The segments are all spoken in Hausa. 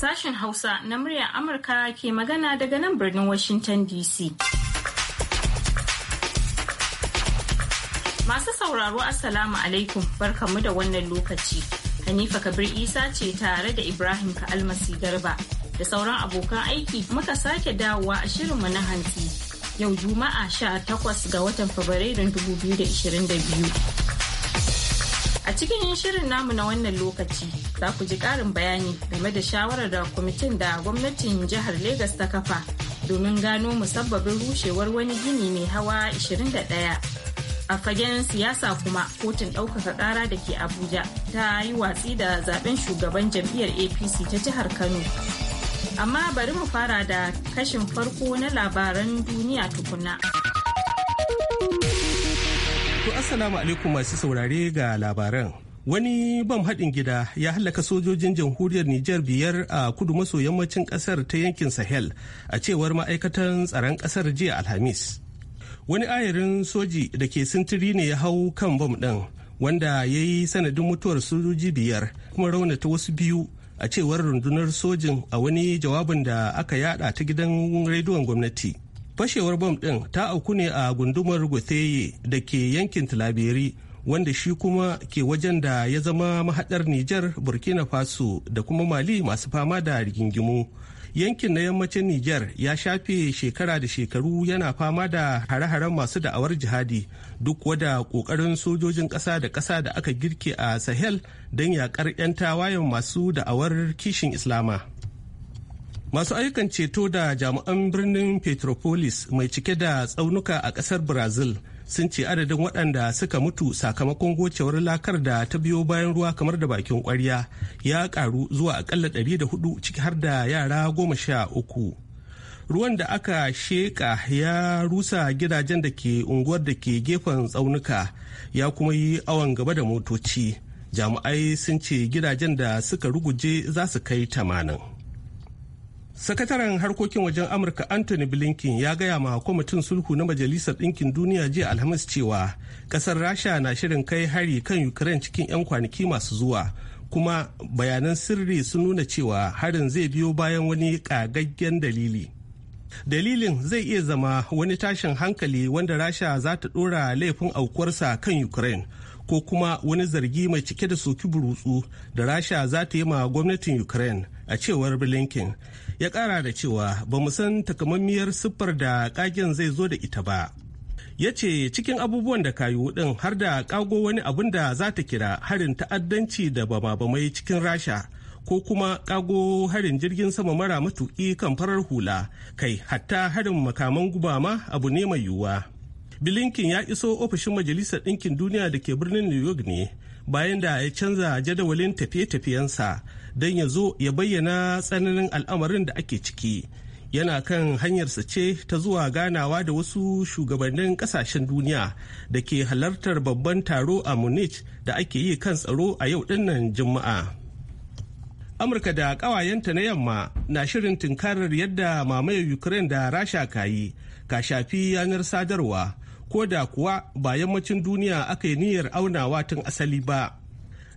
Sashen Hausa na muryar Amurka ke magana daga nan birnin Washington DC. Masu sauraro Assalamu alaikum barkamu da wannan lokaci. Hanifa Kabir Isa ce tare da Ibrahim ka Almasi Garba da sauran abokan aiki muka sake dawowa a shirinmu na hanti Yau Juma'a 18 ga watan Fabrairun 2022. A cikin shirin namu na wannan lokaci za ku ji ƙarin bayani game da shawarar da kwamitin da gwamnatin jihar Legas ta kafa domin gano musabbabin rushewar wani gini mai hawa 21. A fagen siyasa kuma kotun ɗaukaka ƙara da ke Abuja ta yi watsi da zaben shugaban jam'iyyar APC ta jihar Kano. Amma bari mu fara da kashin farko na labaran duniya tukuna. To Assalamu alaikum masu saurare ga labaran. Wani bam haɗin gida ya hallaka sojojin jamhuriyar Nijar biyar a kudu maso yammacin ƙasar ta yankin Sahel a cewar ma'aikatan tsaron ƙasar jiya Alhamis. Wani ayarin soji da ke sintiri ne ya hau kan bam ɗin wanda ya yi sanadin mutuwar sojoji biyar kuma raunata wasu biyu a cewar rundunar sojin a wani jawabin da aka yada ta gidan rediyon gwamnati. fashewar bom ɗin ta auku ne a gundumar gotheye da ke yankin tilaberi wanda shi kuma ke wajen da ya zama mahaɗar nijar burkina faso da kuma mali masu fama da rigingimu yankin na yammacin nijar ya shafe shekara da shekaru yana fama da hare-haren masu da'awar jihadi duk wada ƙoƙarin sojojin ƙasa da ƙasa da aka girke a sahel don yaƙar 'yan tawayen masu da'awar kishin islama Masu ayyukan ceto da jami'an birnin Petropolis mai cike da tsaunuka a kasar Brazil sun ce adadin waɗanda suka mutu sakamakon gocewar lakar da ta biyo bayan ruwa kamar da bakin kwarya ya karu zuwa aƙalla 104 ciki har da yara goma sha uku. Ruwan da aka sheƙa ya rusa gidajen da ke unguwar da ke gefen tsaunuka ya kuma yi awon gaba da motoci. Jami'ai sun ce gidajen da suka ruguje za su kai tamanin. sakataren harkokin wajen amurka anthony blinken ya gaya ma kwamitin sulhu na majalisar ɗinkin duniya jiya alhamis cewa ƙasar rasha na shirin kai hari kan ukraine cikin 'yan kwanaki masu zuwa kuma bayanan sirri sun nuna cewa harin zai biyo bayan wani ƙagaggen dalili dalilin zai iya zama wani tashin hankali wanda rasha za ta ɗora laifin aukuwarsa kan ukraine ko kuma wani zargi mai cike da soki burutsu da rasha za ta yi ma gwamnatin ukraine a cewar blinken ya kara da cewa ba mu san takamammiyar siffar da kagen zai zo da ita ba ya ce cikin abubuwan da kayu din har da kago wani abin da za ta kira harin ta'addanci da bama mai cikin rasha ko kuma kago harin jirgin sama mara matuki kan farar hula kai hatta harin makaman guba ma abu ne mai yiwuwa bilinkin ya iso ofishin majalisar ɗinkin duniya da ke birnin new york ne bayan da ya canza jadawalin tafiye-tafiyensa don ya zo ya bayyana tsananin al'amarin da ake ciki yana kan hanyarsa ce ta zuwa ganawa da wasu shugabannin kasashen duniya da ke halartar babban taro a munich da ake yi kan tsaro a yau dinnan juma'a amurka da kawayenta na yamma na shirin tunkarar yadda mamayar ukraine da rasha kayi ka shafi yanar sadarwa ko da kuwa ba yammacin duniya aka yi niyyar aunawa tun asali ba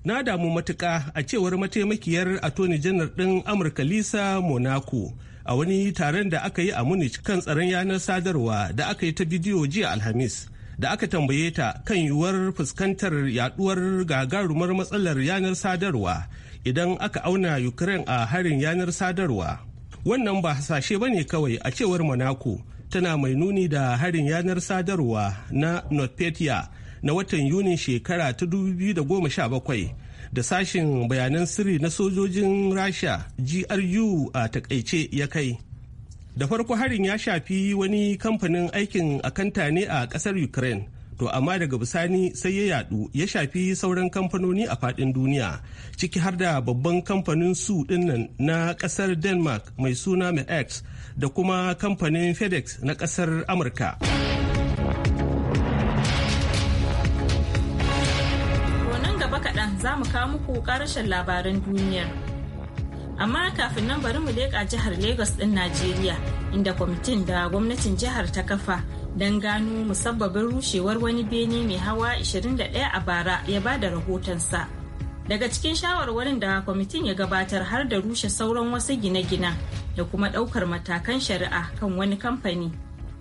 na damu matuka a cewar mataimakiyar attorney janar ɗin amurka lisa monaco a wani taron da aka yi a munich kan tsaron yanar sadarwa da aka yi ta bidiyo jiya alhamis da aka tambaye ta kan yiwuwar fuskantar yaduwar gagarumar matsalar yanar sadarwa idan aka auna ukraine a harin yanar sadarwa wannan ba hasashe ne kawai a cewar monaco tana mai nuni da harin yanar sadarwa na notpetya na watan yunin shekara ta 2017 da sashen bayanan sirri na sojojin rasha gru a takaice ya kai da farko harin ya shafi wani kamfanin aikin akanta ne a kasar ukraine to amma daga bisani sai ya yadu ya shafi sauran kamfanoni a fadin duniya ciki har da babban kamfanin su dinnan na kasar denmark mai suna x da kuma kamfanin fedex na kasar amurka. za mu kawo muku karashen labaran duniya. Amma kafin nan bari mu leƙa jihar Legas ɗin Najeriya inda kwamitin da gwamnatin jihar ta kafa don gano musabbabin rushewar wani bene mai hawa 21 a bara ya ba da rahotonsa. Daga cikin shawarwarin da kwamitin ya gabatar har da rushe sauran wasu gine gine da kuma ɗaukar matakan shari'a kan wani kamfani.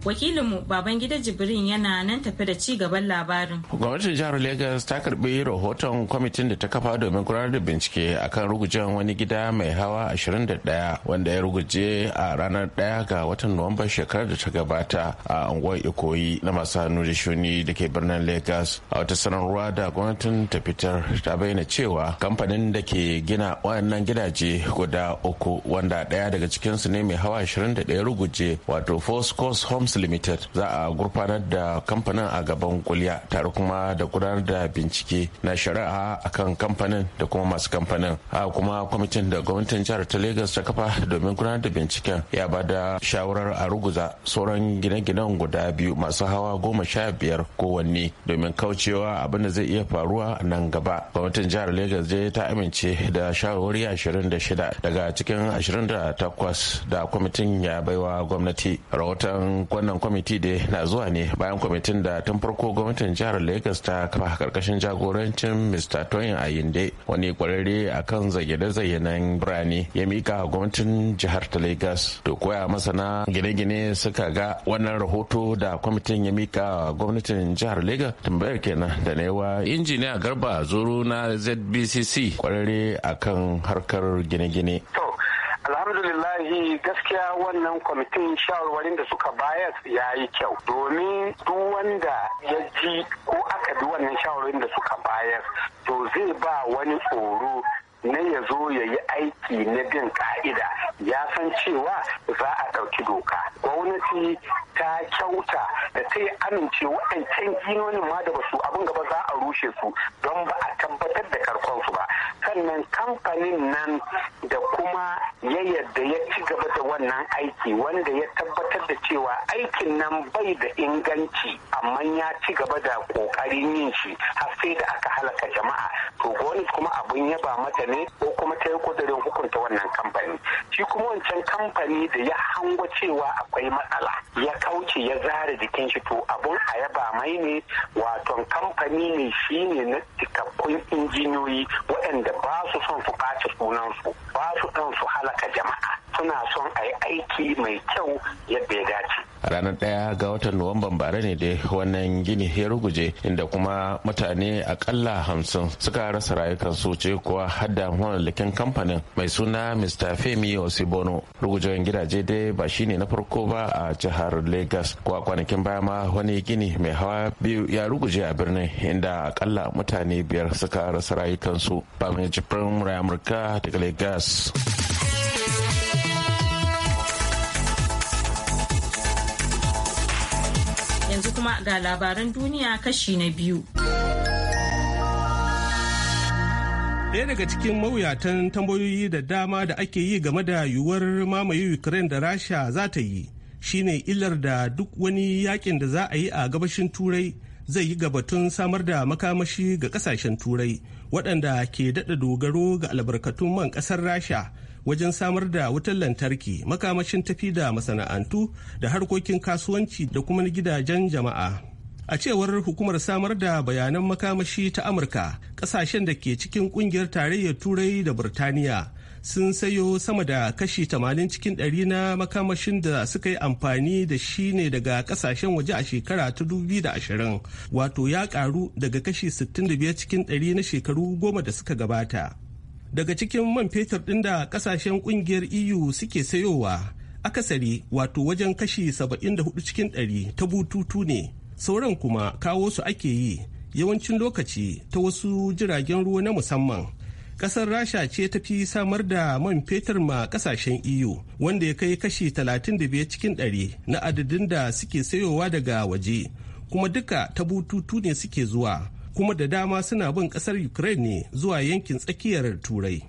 wakilinmu gida jibrin yana nan tafi da ci gaban labarin gwamnatin jihar lagos ta karbi rahoton kwamitin da ta kafa domin gudanar da bincike akan rugujen wani gida mai hawa 21 wanda ya ruguje a ranar 1 ga watan nuwamba shekarar da ta gabata a unguwar ikoyi na masu hannu da shuni da ke birnin lagos a wata sanarwa da gwamnatin ta fitar ta bayyana cewa kamfanin da ke gina wayannan gidaje guda uku wanda daya daga cikinsu ne mai hawa 21 ruguje wato force coast homes films limited za a gurfanar da kamfanin a gaban kuliya tare kuma da gudanar da bincike na shari'a akan kamfanin da kuma masu kamfanin a kuma kwamitin da gwamnatin jihar ta legas ta kafa domin gudanar da binciken ya ba da shawarar a ruguza sauran gine-ginen guda biyu masu hawa goma sha biyar kowanne domin kaucewa abin da zai iya faruwa nan gaba gwamnatin jihar lagos dai ta amince da shawarwari ashirin da shida daga cikin ashirin da takwas da kwamitin ya baiwa gwamnati rahoton wannan kwamiti da na zuwa ne bayan kwamitin da tun farko gwamnatin jihar lagos ta kafa karkashin jagorancin mr toyin ayinde wani kwararre kan zayyane-zayyanen birane ya mika gwamnatin jihar ta lagos to koya masana gine-gine suka ga wannan rahoto da kwamitin ya mika gwamnatin jihar lagos tambayar kenan da na yawa injiniya garba zuru na zbcc kwararre kan harkar gine-gine alhamdulillahi gaskiya wannan kwamitin shawarwarin da suka bayar ya yi kyau domin duk wanda ya ji ko aka bi wannan shawarwarin da suka bayar to zai ba wani tsoro na ya zo ya yi aiki na bin ka'ida ya san cewa za a ɗauki doka gwamnati ta kyauta da ta yi amince waɗancan ginonin ma da basu abin gaba za a rushe su don ba a tabbatar da karkonsu ba sannan kamfanin nan da kuma ya yadda ya ci gaba da wannan aiki wanda ya tabbatar da cewa aikin nan bai da inganci amma ya ci gaba da kokarin yin shi har sai da aka halaka jama'a to gwamnati kuma abun yaba mata ne ko kuma ta yi kudurin hukunta wannan kamfani shi kuma wancan kamfani da ya hango cewa akwai matsala ya kauce ya zare jikin shi to abun a yaba mai ne waton kamfani ne shine na cikakkun injiniyoyi waɗanda ba su son su ɓaci sunansu ba su son su halaka jama'a suna son a yi aiki mai kyau yadda ya dace ranar ɗaya ga watan nuwamban bara ne dai wannan gini ya ruguje inda kuma mutane akalla hamsin suka rasa rayukansu ce kuwa hadda mamallakin kamfanin mai suna mr femi osibono rugujewan gidaje dai ba shine na farko ba a jihar lagos kuwa kwanakin baya ma wani gini mai hawa biyu ya ruguje a birnin inda akalla mutane biyar suka rasa rayukansu ba mai jibrin amurka daga lagos yanzu kuma ga labaran duniya kashi na biyu. Ɗaya daga cikin mawuyatan tambayoyi da dama da ake yi game da yiwuwar mamaye Ukraine da Rasha za ta yi shine illar da duk wani yakin da za a yi a gabashin Turai zai yi gabatun samar da makamashi ga kasashen Turai waɗanda ke daɗa dogaro ga albarkatun man ƙasar Rasha wajen samar da wutar lantarki makamashin tafi da masana'antu da harkokin kasuwanci da kuma gidajen jama'a a cewar hukumar samar da bayanan makamashi ta amurka kasashen da ke cikin kungiyar tarayyar turai da burtaniya sun sayo sama da kashi 80 cikin 100 na makamashin da suka yi amfani da shi ne daga kasashen waje a shekara ta 2020 wato ya karu daga kashi 65 cikin 100 na shekaru goma da suka gabata daga cikin man fetur ɗin da ƙasashen ƙungiyar eu suke sayowa akasari wato wajen kashi 74 cikin 100 ta bututu ne sauran kuma kawo su ake yi yawancin lokaci ta wasu jiragen ruwa na musamman ƙasar rasha ce ta fi samar da man fetur ma ƙasashen eu wanda ya kai kashi 35 cikin 100 na adadin da suke sayowa daga waje kuma duka ta bututu ne suke zuwa kuma da dama suna bin kasar ukraine ne zuwa yankin tsakiyar turai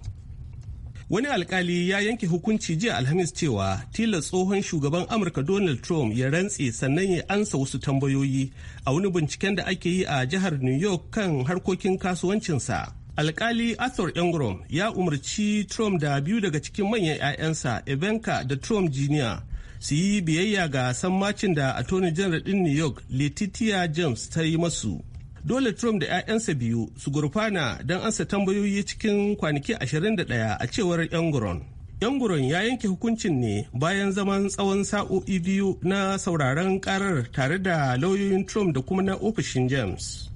wani alkali ya yanke hukunci jiya alhamis cewa tilas tsohon shugaban amurka donald trump ya rantse sannan ya ansa wasu tambayoyi a wani binciken da ake yi a jihar new york kan harkokin kasuwancinsa alkali arthur ingram ya umarci trump da biyu daga cikin manyan 'ya'yansa ivanka da trump jr su yi biyayya ga sammacin da attorney general din new york letitia james ta yi masu dole Trump da 'ya'yansa biyu su gurfana don ansa tambayoyi cikin kwanaki 21 a cewar Yanguron. Yanguron ya yanke hukuncin ne bayan zaman tsawon sa'o'i biyu na sauraron karar tare da lauyoyin Trump da kuma na ofishin James.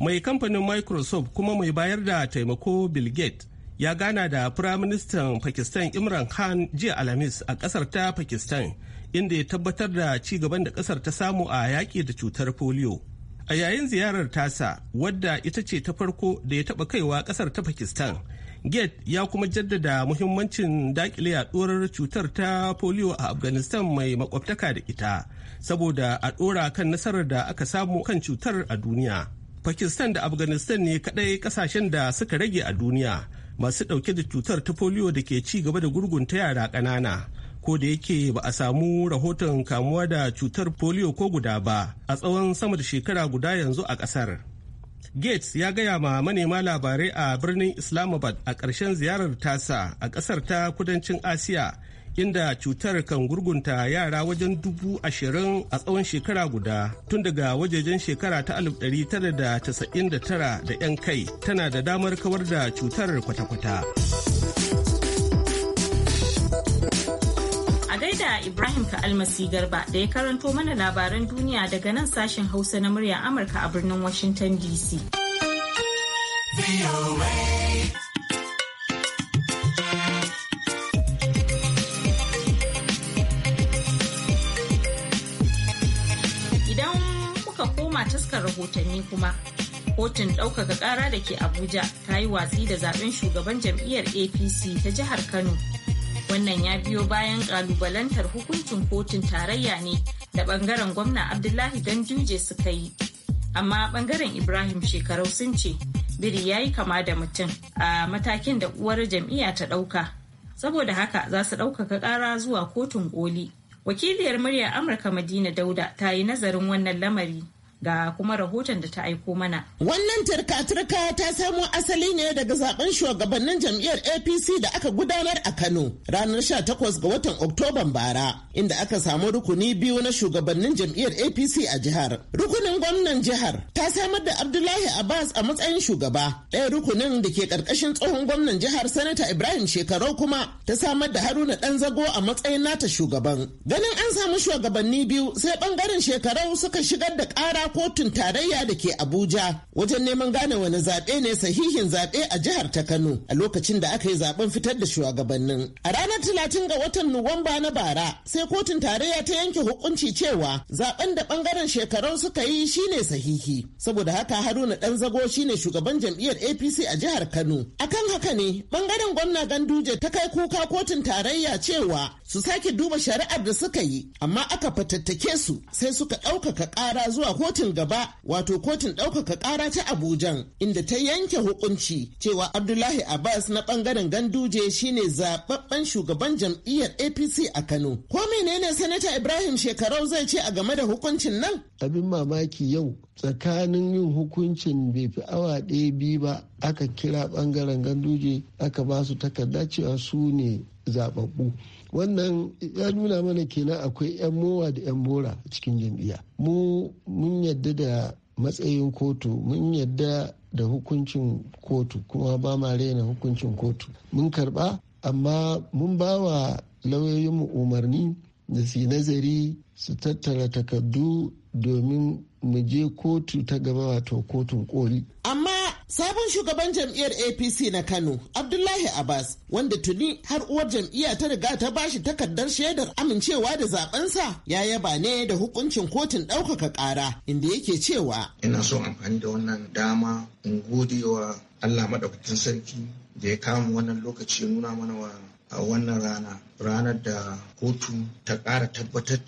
Mai kamfanin Microsoft kuma mai bayar da taimako Bill Gates ya gana da Firaministan Pakistan Imran Khan jiya Alhamis a kasar ta Pakistan inda ya tabbatar da ci gaban da kasar ta samu a yaƙi da cutar polio. a yayin ziyarar tasa wadda ita ce ta farko da ya taba kaiwa kasar ta pakistan gate ya kuma jaddada muhimmancin dakile yaduwar cutar ta polio a afghanistan mai makwabtaka da ita saboda a dora kan nasarar da aka samu kan cutar a duniya pakistan da afghanistan ne kadai kasashen da suka rage a duniya masu dauke da cutar ta polio da ke ci gaba da gurgunta yara ƙanana ko da yake ba a samu rahoton kamuwa da cutar polio ko guda ba a tsawon sama da shekara guda yanzu a kasar. Gates ya gaya ma manema labarai a birnin Islamabad a ƙarshen ziyarar tasa a ƙasar ta kudancin Asiya inda cutar kan gurgunta yara wajen dubu ashirin a tsawon shekara guda tun daga wajejen shekara ta alif da da tara da 'yan kai tana da damar kawar da cutar kwata-kwata. da Ibrahim almasi Garba da ya karanto mana labaran duniya daga nan sashen Hausa na murya Amurka a birnin Washington DC. Idan muka koma taskar rahotanni kuma, kotun ɗaukaka ƙara da ke Abuja ta yi watsi da zaɓen shugaban jam'iyyar APC ta jihar Kano. Wannan ya biyo bayan ƙalubalantar hukuncin kotun tarayya ne da ɓangaren gwamna Abdullahi juje suka yi. Amma ɓangaren Ibrahim shekarau sun ce biri ya yi kama da mutum a matakin da uwar jam'iyya ta ɗauka. Saboda haka za su ɗaukaka ƙara zuwa kotun koli. Wakiliyar muryar Amurka Madina Dauda ta yi nazarin wannan lamari. ga kuma rahoton da ta aiko mana. Wannan turka-turka ta samo asali ne daga zaben shugabannin jam'iyyar APC da aka gudanar a Kano ranar 18 ga watan Oktoban bara, inda aka samu rukuni biyu na shugabannin jam'iyyar APC a jihar. Rukunin gwamnan jihar ta samar da Abdullahi Abbas a matsayin shugaba. Ɗaya rukunin da ke ƙarƙashin tsohon gwamnan jihar Sanata Ibrahim Shekarau kuma ta samar da Haruna ɗan zago a matsayin nata shugaban. Ganin an samu shugabanni biyu sai ɓangaren Shekarau suka shigar da ƙara kotun tarayya da ke Abuja wajen neman gane wani zaɓe ne sahihin zaɓe a jihar ta Kano a lokacin da aka yi zaben fitar da shugabannin. A ranar talatin ga watan Nuwamba na bara sai kotun tarayya ta yanke hukunci cewa zaben da bangaren shekarun suka yi shine sahihi. Saboda haka Haruna Dan Zago shine shugaban jam'iyyar APC a jihar Kano. Akan haka ne bangaren gwamna Ganduje ta kai kuka kotun tarayya cewa su sake duba shari'ar da suka yi amma aka fatattake su sai suka ɗaukaka ƙara zuwa kotun kotun gaba wato kotun ɗaukaka ƙara ta Abujan inda ta yanke hukunci cewa Abdullahi Abbas na ɓangaren Ganduje shine zaɓaɓɓen shugaban jam'iyyar APC a Kano. Ko menene Sanata Ibrahim Shekarau zai ce a game da hukuncin nan? Abin mamaki yau tsakanin yin hukuncin bai fi awa ɗaya biyu ba aka kira ɓangaren Ganduje aka ba su takarda cewa su ne zaɓaɓɓu. wannan ya nuna mana kenan akwai 'yan mowa da 'yan mora cikin jam'iyya mu mun yadda da matsayin kotu mun yadda da hukuncin kotu kuma ba ma raina hukuncin kotu mun karba amma mun ba wa lauyoyinmu umarni da su nazari su tattara takardu domin mu je kotu ta gaba wato kotun koli Sabon shugaban jam'iyyar APC na Kano, Abdullahi Abbas, wanda tuni har uwar jam'iyya ta riga ta bashi takardar shaidar amincewa da zabensa ya yaba ne da hukuncin kotun ɗaukaka ƙara inda yake cewa. Ina so amfani da wannan dama in gode wa Allah maɗaukakin sarki da ya kama wannan lokaci nuna mana wa a wannan rana ranar da kotu ta ƙara tabbatar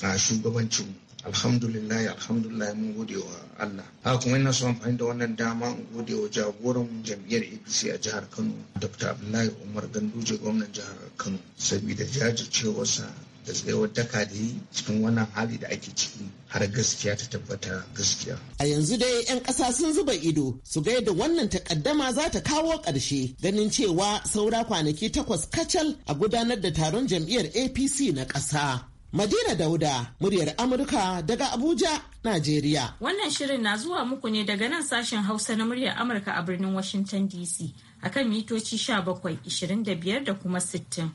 da shugabancin alhamdulillah alhamdulillah mun gode wa Allah ha kuma ina so amfani da wannan dama in gode wa jagoran jam'iyyar APC a jihar Kano Dr. Abdullahi Umar Ganduje gwamnan jihar Kano saboda jajircewarsa da tsayawar daka da yi cikin wannan hali da ake ciki har gaskiya ta tabbata gaskiya. A yanzu dai 'yan ƙasa sun zuba ido su ga yadda wannan takaddama za ta kawo ƙarshe ganin cewa saura kwanaki takwas kacal a gudanar da taron jam'iyyar APC na ƙasa. Madina Dauda, muryar Amurka daga Abuja, Najeriya. Wannan shirin na zuwa muku ne daga nan sashen Hausa na muryar Amurka a birnin Washington DC akan mitoci 17, 25 da kuma 60.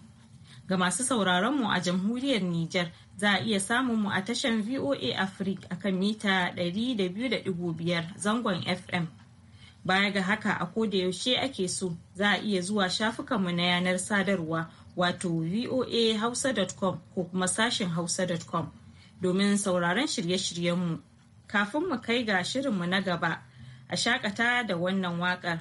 Ga masu sauraron mu a jamhuriyar Nijar za a iya samun mu a tashar VOA Africa akan mita 200.5 zangon FM. Baya ga haka a da yaushe ake so za a iya zuwa shafukanmu na yanar sadarwa. wato voa hausa.com ko kuma sashen hausa.com domin sauraron shirye-shiryenmu kafin mu kai ga shirinmu na gaba a shakata da wannan waƙar.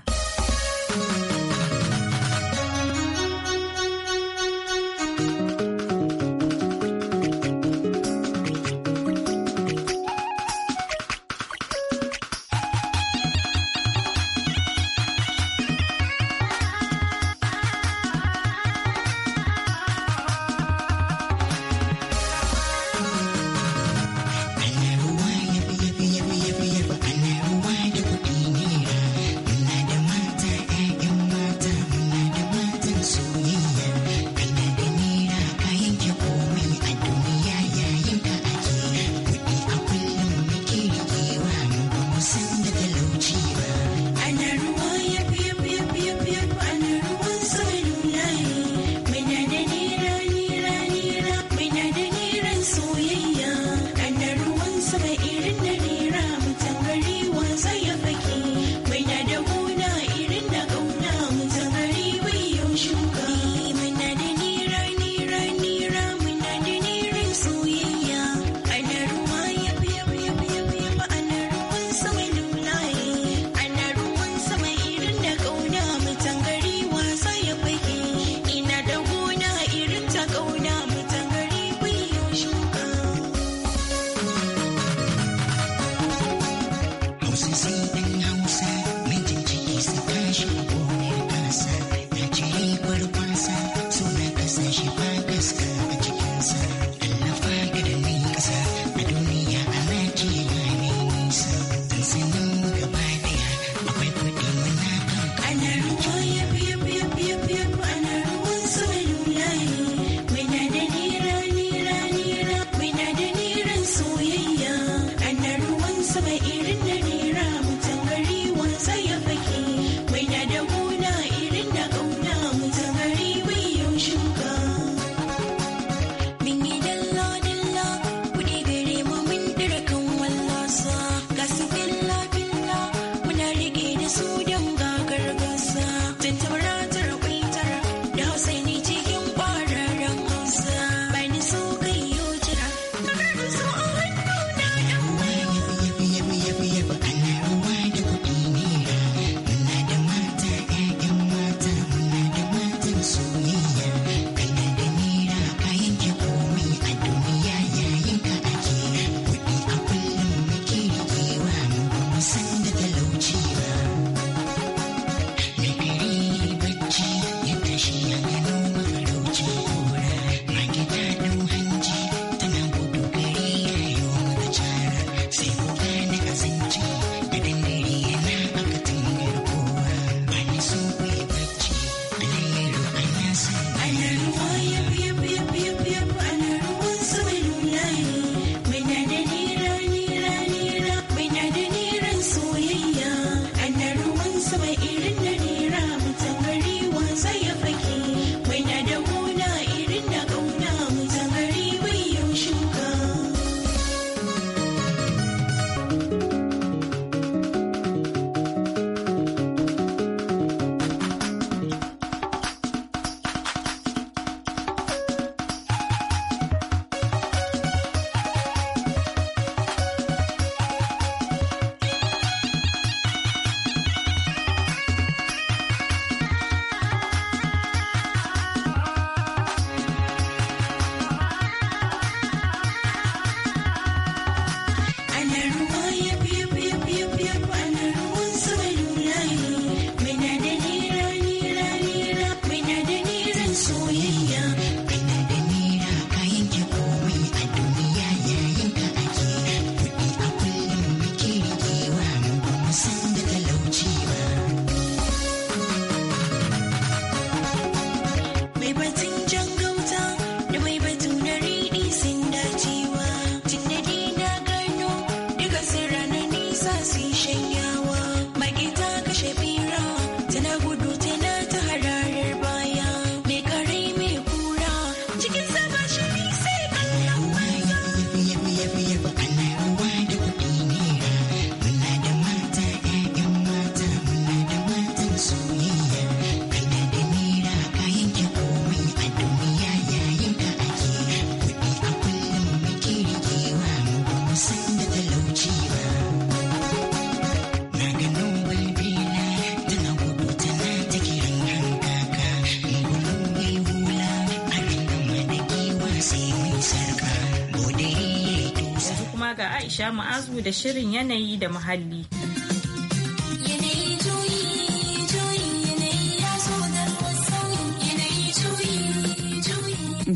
Aisha Ma'azu da shirin yanayi da muhalli.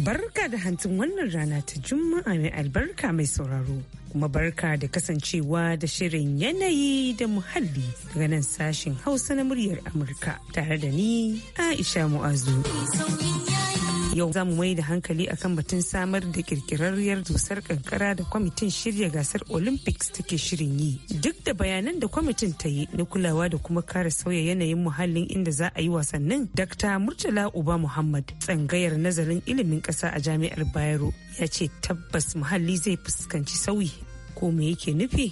Barka da hantun wannan rana ta Juma'a mai albarka mai sauraro. Kuma barka da kasancewa da shirin yanayi da muhalli daga nan sashin Hausa na muryar Amurka tare da ni Aisha Mu'azu. yau za mu mai da hankali akan batun samar da kirkirarriyar dusar kankara da kwamitin shirya gasar olympics take shirin yi duk da bayanan da kwamitin ta yi na kulawa da kuma kare sauya yanayin muhallin inda za a yi wasannin dr murtala uba muhammad tsangayar nazarin ilimin ƙasa a jami'ar bayero ya ce tabbas muhalli zai fuskanci sauyi ko me yake nufi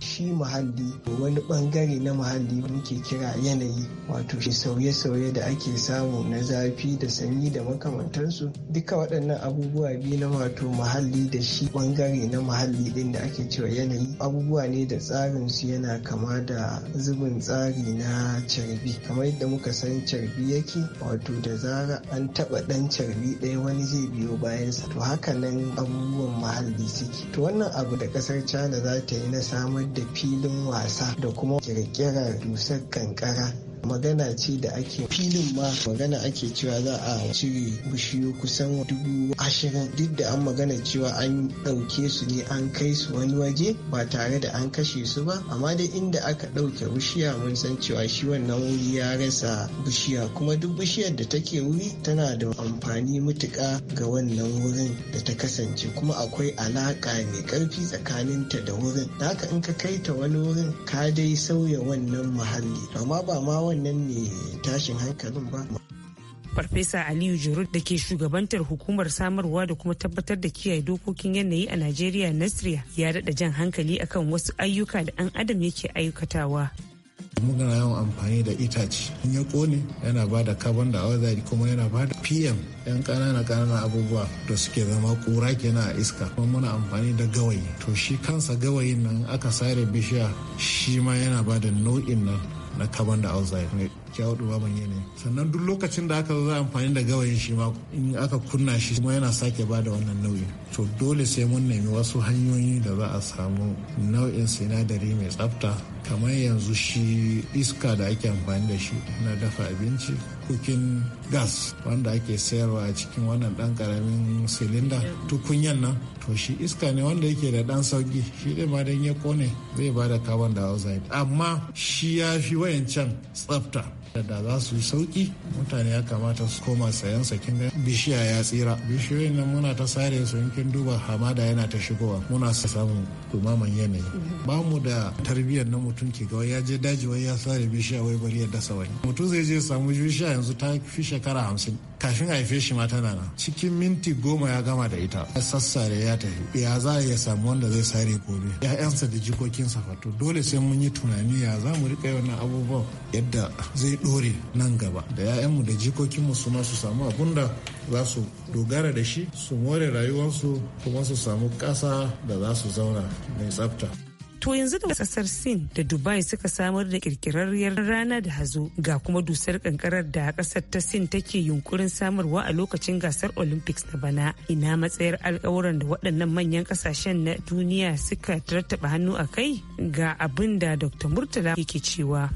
shi muhalli wani bangare na muhalli muke kira yanayi wato shi sauye-sauye da ake samu na zafi da sanyi da makamantansu duka waɗannan abubuwa biyu na wato muhalli da shi bangare na muhalli ɗin da ake cewa yanayi abubuwa ne da tsarin su yana kama da zubin tsari na carbi kamar yadda muka san carbi yake wato da zara an taɓa ɗan carbi ɗaya wani zai biyo bayansa to haka nan abubuwan muhalli suke to wannan abu da ƙasar china za ta yi na samar da filin wasa da kuma kirkirar dusar kankara magana ce da ake filin ma magana ake cewa za a cire bishiyu kusan dubu ashirin duk da an magana cewa an ɗauke su ne an kai su wani waje ba tare da an kashe su ba amma dai inda aka ɗauke bishiya mun san cewa shi wannan wuri ya rasa bishiya kuma duk bishiyar da take wuri tana da amfani mutuka ga wannan wurin da ta kasance kuma akwai alaƙa mai ƙarfi tsakaninta da wurin haka in ka kai ta wani wurin ka dai sauya wannan muhalli amma ba ma wannan ne tashin hankalin ba Farfesa Aliyu Jurud da ke shugabantar hukumar samarwa da kuma tabbatar da kiyaye dokokin yanayi a Najeriya Nasriya ya daɗa jan hankali akan wasu ayyuka da ɗan adam yake aikatawa. muna yawan amfani da itace in ya kone yana ba da carbon dioxide kuma yana ba da pm yan kanana kanana abubuwa da suke zama kura kenan a iska kuma muna amfani da gawayi to shi kansa gawayin nan aka sare bishiya shi ma yana ba da nau'in nan na carbon dioxide kyawar dumaman ne sannan duk lokacin da aka zo amfani da gawayin shi ma in aka kunna shi kuma yana sake ba da wannan nau'i. to dole sai mun nemi wasu hanyoyi da za a samu nau'in sinadari mai tsafta kamar yanzu shi iska da ake amfani da shi na dafa abinci kukin gas wanda ake sayarwa a cikin wannan dan karamin silinda tukunyan nan to shi iska ne wanda yake da dan sauki shi dai ma dan ya kone zai ba da carbon dioxide amma shi ya fi wayancan tsafta da za su yi sauki mutane ya kamata su koma sayan sakin da bishiya ya tsira bishiyoyin nan muna ta sare su yankin duba hamada yana ta shigowa muna sa samun dumaman yanayi ba mu da tarbiyyar na mutum ki ga ya je daji wai ya sare bishiya wai bari ya dasa wani mutum zai je samu bishiya yanzu ta fi shekara hamsin kafin a haife shi ma tana nan cikin minti goma ya gama da ita ya sassare ya tafi ya za a iya samu wanda zai sare gobe ya'yansa da jikokinsa safatu dole sai mun yi tunani ya za mu rika wannan abubuwa. yadda zai dore nan gaba da ya'yanmu da jikokin mu ma su samu abun da za su dogara da shi su more rayuwarsu kuma su samu ƙasa da za su zauna mai tsafta. To yanzu da kasar Sin da Dubai suka samar da kirkirarriyar rana da hazo ga kuma dusar kankarar da kasar ta Sin take yunkurin samarwa a lokacin gasar Olympics na bana. Ina matsayar alkawuran da waɗannan manyan kasashen na duniya suka rattaba hannu a kai ga abin da Dr. Murtala yake cewa.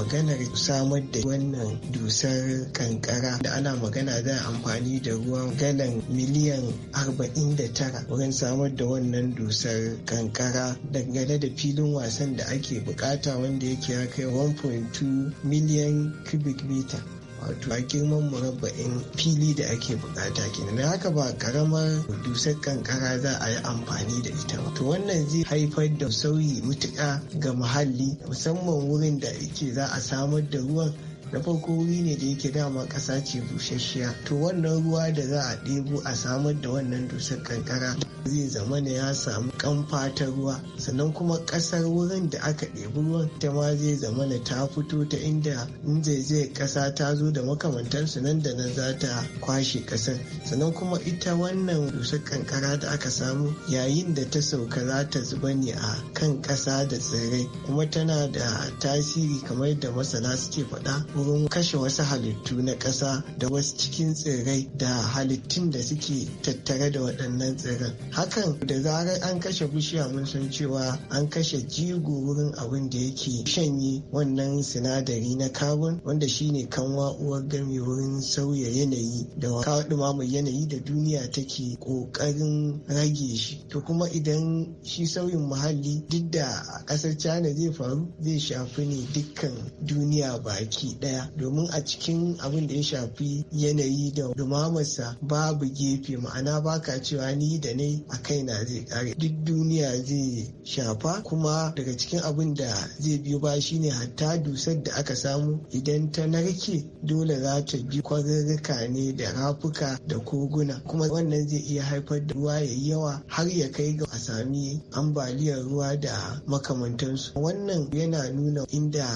maganar samar da wannan dusar kankara da ana magana za a amfani da ruwan galan miliyan 49 wurin samar da wannan dusar kankara dangane da filin wasan da ake bukata wanda yake ya kai 1.2 miliyan cubic mita wato bakin murabba'in fili da ake bukata kenan da haka ba karamar dusar kankara za a yi amfani da ita ba to wannan zai haifar da sauyi mutuka ga muhalli musamman wurin da ake za a samar da ruwan na farko wuri ne da yake dama ƙasa ce busasshiya to wannan ruwa da za a ɗebo a samar da wannan dusar kankara zai zama ne ya samu kamfa ta ruwa sannan kuma ƙasar wurin da aka ɗebi ruwan ta ma zai zama ne ta fito ta inda in zai ƙasa ta zo da makamantansu nan da nan za ta kwashe ƙasar sannan kuma ita wannan dusar kankara da aka samu yayin da ta sauka za ta zuba ne a kan ƙasa da tsirrai kuma tana da tasiri kamar yadda masana suke faɗa wurin kashe wasu halittu na ƙasa da wasu cikin tsirrai da halittun da suke tattare da waɗannan tsirran hakan da zarar an kashe bishiya mun san cewa an kashe jigo wurin abin da yake shanye wannan sinadari na carbon wanda shine kanwa uwar gami wurin sauya yanayi da kawo yanayi da duniya take ƙoƙarin rage shi to kuma idan shi sauyin muhalli duk da ƙasar china zai faru zai shafi ne dukkan duniya baki ɗaya daya domin a cikin abin da ya shafi yanayi da dumamarsa babu gefe ma'ana baka cewa ni da ne a kaina zai kare duk duniya zai shafa kuma daga cikin abin da zai biyo ba ne. hatta dusar da aka samu idan ta narke dole za ta bi kwarurruka ne da rafuka da koguna kuma wannan zai iya haifar da ruwa ya yawa har ya kai ga a sami ambaliyar ruwa da makamantansu wannan yana nuna inda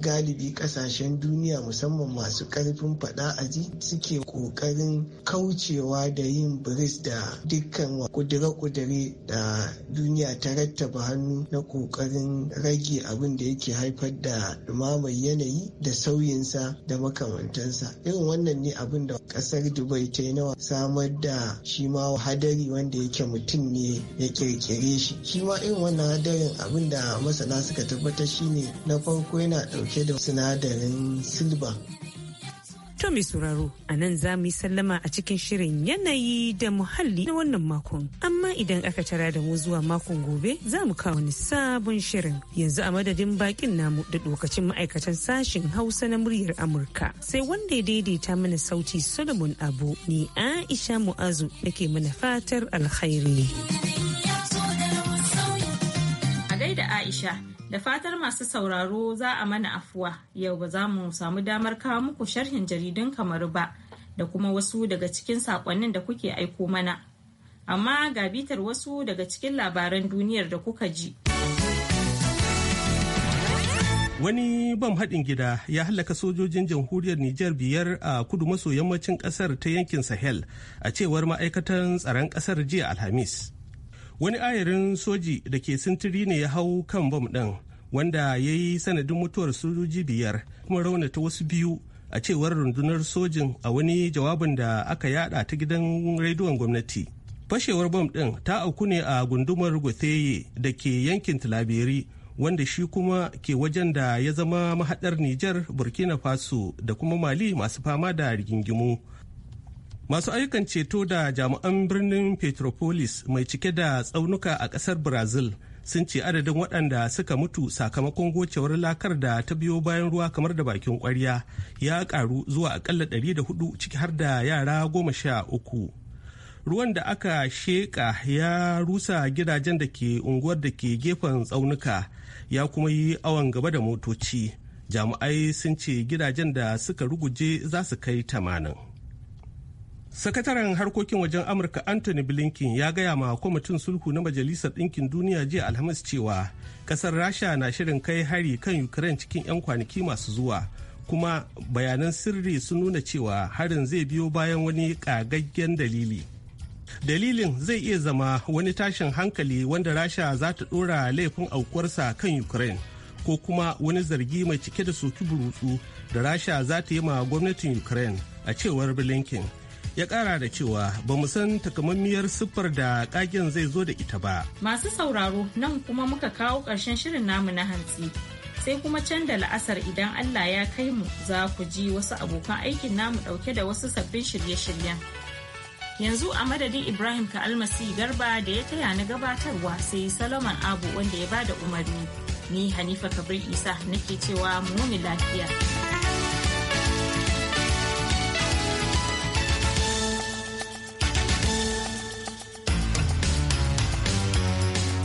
galibi kasashen duniya musamman masu karfin fada aji suke kokarin kaucewa da yin biris da dukkan wa. Kudure-kudure da duniya ta rattaba hannu na kokarin rage abin da yake haifar da dumamar yanayi da sauyinsa da makamantansa irin wannan ne abin da kasar dubai ta yi nawa samar da shi ma hadari wanda yake mutum ne ya kirkire shi shi ma irin wannan hadarin abin da masana suka tabbatar shine na farko yana dauke da sinadarin silba To mai sauraro, a nan za mu yi sallama a cikin shirin yanayi da muhalli na wannan makon. Amma idan aka tara da mu zuwa makon gobe za mu kawo wani sabon shirin. Yanzu a madadin bakin namu da lokacin ma'aikatan sashen Hausa na muryar Amurka. Sai wanda ya daidaita mana sauti Solomon Abu ni Aisha Mu'azu nake mana fatar alkhairi. Aisha. Da fatar masu sauraro za a mana afuwa yau ba za mu samu damar kawo muku sharhin jaridun kamar ba da kuma wasu daga cikin sakonnin da kuke aiko mana. Amma ga bitar wasu daga cikin labaran duniyar da kuka ji. Wani bam haɗin gida ya halaka sojojin jamhuriyar Nijar biyar a kudu maso yammacin ƙasar ta yankin Sahel a cewar ma'aikatan tsaron ƙasar jiya Alhamis. wani ayarin soji da ke sintiri ne ya hau kan bom ɗin wanda ya yi sanadin mutuwar sojoji biyar kuma raunata wasu biyu a cewar rundunar sojin a wani jawabin da aka yada ta gidan rediyon gwamnati fashewar bom ɗin ta auku ne a gundumar gotheye da ke yankin tilaberi wanda shi kuma ke wajen da ya zama mahaɗar nijar burkina faso da kuma mali masu fama da rigingimu Masu ayyukan ceto da jami'an birnin Petropolis mai cike da tsaunuka a kasar Brazil sun ce adadin waɗanda suka mutu sakamakon gocewar lakar da ta biyo bayan ruwa kamar da bakin ƙwarya ya karu zuwa aƙalla 104 ciki har da yara goma sha uku. Ruwan da aka sheƙa ya rusa gidajen da ke unguwar da ke gefen tsaunuka ya kuma yi awon gaba da motoci. Jami'ai sun ce gidajen da suka ruguje za su kai tamanin. sakataren harkokin wajen amurka anthony blinken ya gaya ma kwamitin sulhu na majalisar ɗinkin duniya jiya alhamis cewa ƙasar rasha na shirin kai hari kan ukraine cikin 'yan kwanaki masu zuwa kuma bayanan sirri sun nuna cewa harin zai biyo bayan wani ƙagaggen dalili dalilin zai iya zama wani tashin hankali wanda rasha za ta ɗora laifin aukuwarsa kan ukraine ko kuma wani zargi mai cike da soki burutsu da rasha za ta yi ma gwamnatin ukraine a cewar blinken ya kara da cewa ba mu san takamammiyar siffar da kagen zai zo da ita ba. Masu sauraro nan kuma muka kawo ƙarshen shirin namu na hantsi. Sai kuma can da la'asar idan Allah ya kai mu za ku ji wasu abokan aikin namu ɗauke da wasu sabbin shirye-shiryen. Yanzu a madadin Ibrahim ka Almasi Garba da ya taya na gabatarwa sai Salomon Abu wanda ya bada umarni. Ni Hanifa Kabir Isa nake cewa mu lafiya.